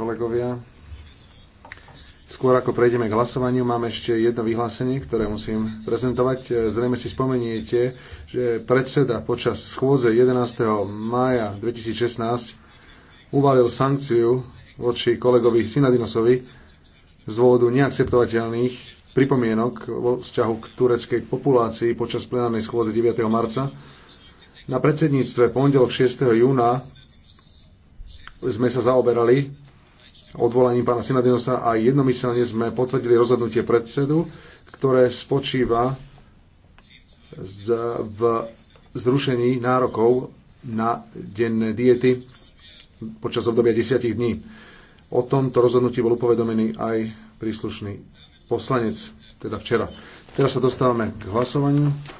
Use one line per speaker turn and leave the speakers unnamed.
kolegovia. Skôr ako prejdeme k hlasovaniu, mám ešte jedno vyhlásenie, ktoré musím prezentovať. E, zrejme si spomeniete, že predseda počas schôdze 11. mája 2016 uvalil sankciu voči kolegovi Sinadinosovi z dôvodu neakceptovateľných pripomienok vo vzťahu k tureckej populácii počas plenárnej schôdze 9. marca. Na predsedníctve pondelok 6. júna sme sa zaoberali odvolaním pána Synadinosa a jednomyselne sme potvrdili rozhodnutie predsedu, ktoré spočíva z, v zrušení nárokov na denné diety počas obdobia 10 dní. O tomto rozhodnutí bol upovedomený aj príslušný poslanec, teda včera. Teraz sa dostávame k hlasovaniu.